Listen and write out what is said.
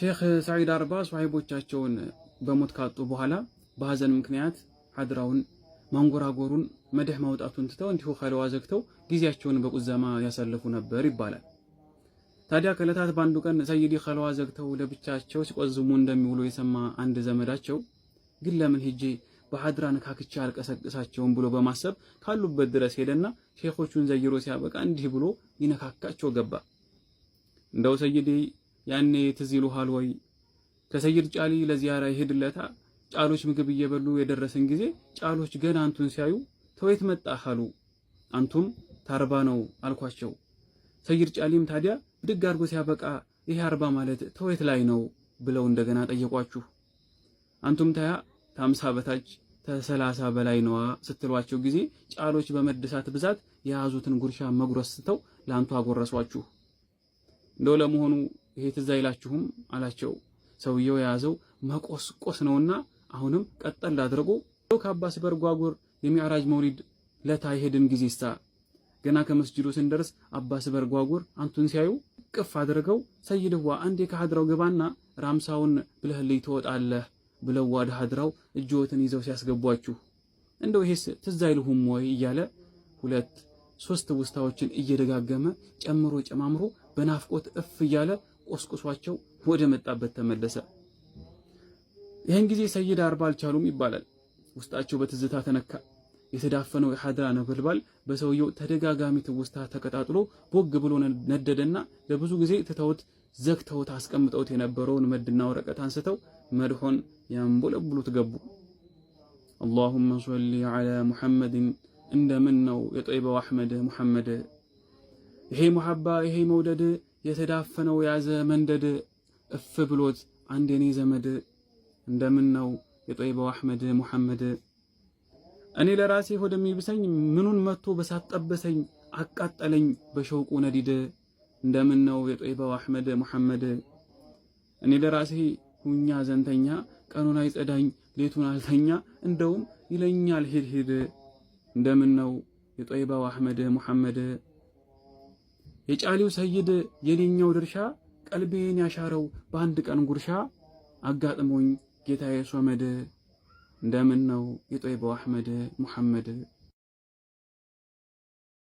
ሼክ ሰዒድ አርባ ሷሂቦቻቸውን በሞት ካጡ በኋላ በሀዘን ምክንያት ሀድራውን ማንጎራጎሩን መድህ ማውጣቱን ትተው እንዲሁ ኸልዋ ዘግተው ጊዜያቸውን በቁዘማ ያሳልፉ ነበር ይባላል። ታዲያ ከዕለታት በአንዱ ቀን ሰይዲ ኸልዋ ዘግተው ለብቻቸው ሲቆዝሙ እንደሚውሉ የሰማ አንድ ዘመዳቸው ግን ለምን ሂጄ በሀድራ ነካክቼ አልቀሰቅሳቸውም ብሎ በማሰብ ካሉበት ድረስ ሄደና ሼኾቹን ዘይሮ ሲያበቃ እንዲህ ብሎ ይነካካቸው ገባ። እንደው ሰይዲ ያኔ ትዝ ይልሃል ወይ ከሰይድ ጫሊ ለዚያራ ይሄድለታ ጫሎች ምግብ እየበሉ የደረሰን ጊዜ ጫሎች ገና አንቱን ሲያዩ ተወይት መጣህ አሉ። አንቱም ታርባ ነው አልኳቸው። ሰይድ ጫሊም ታዲያ ብድግ አድርጎ ሲያበቃ ይሄ አርባ ማለት ተወይት ላይ ነው ብለው እንደገና ጠየቋችሁ። አንቱም ታያ ታምሳ በታች ተሰላሳ በላይ ነዋ ስትሏቸው ጊዜ ጫሎች በመድሳት ብዛት የያዙትን ጉርሻ መጉረስ ስተው ለአንቱ አጎረሷችሁ። እንደው ለመሆኑ ይሄ ትዝ አይላችሁም አላቸው። ሰውየው የያዘው መቆስቆስ ነውና አሁንም ቀጠል አድርጎ ከአባስ በርጓጉር የሚዕራጅ መውሊድ ለታ የሄድን ጊዜሳ ገና ከመስጅዱ ስንደርስ አባስ በርጓጉር አንቱን ሲያዩ ቅፍ አድርገው ሰይድዋ አንዴ ከሀድራው ግባና ራምሳውን ብለህልይ ትወጣለህ ብለው ወደ ሀድራው እጅዎትን ይዘው ሲያስገቧችሁ እንደው ይሄስ ትዝ አይልሁም ወይ እያለ ሁለት ሶስት ውስታዎችን እየደጋገመ ጨምሮ ጨማምሮ በናፍቆት እፍ እያለ ቆስቁሷቸው ወደ መጣበት ተመለሰ። ይህን ጊዜ ሰይድ አርባ አልቻሉም ይባላል። ውስጣቸው በትዝታ ተነካ። የተዳፈነው የሐድራ ነበልባል በሰውየው ተደጋጋሚ ትውስታ ተቀጣጥሎ ቦግ ብሎ ነደደና ለብዙ ጊዜ ትተውት ዘግተውት አስቀምጠውት የነበረውን መድና ወረቀት አንስተው መድሆን ያንቦለብሉት ገቡ። አላሁመ ሶሊ ዐላ ሙሐመድን እንደምን ነው የጠይበው አሕመድ ሙሐመድ ይሄ መሐባ፣ ይሄ መውደድ የተዳፈነው ያዘ መንደድ እፍ ብሎት አንድ የኔ ዘመድ እንደምን ነው የጦይባው አሕመድ ሙሐመድ እኔ ለራሴ ሆደሚብሰኝ ምኑን መቶ በሳጠበሰኝ አቃጠለኝ በሸውቁ ነዲድ እንደምን ነው የጦይባው አሕመድ ሙሐመድ እኔ ለራሴ ሁኛ ዘንተኛ ቀኑን አይጸዳኝ ሌቱን አልተኛ እንደውም ይለኛል ሂድ ሂድ እንደምን ነው የጦይባው አሕመድ ሙሐመድ የጫሊው ሰይድ የኔኛው ድርሻ ቀልቤን ያሻረው በአንድ ቀን ጉርሻ አጋጥሞኝ ጌታዬ ሶመድ እንደምን ነው የጦይበው አሕመድ ሙሐመድ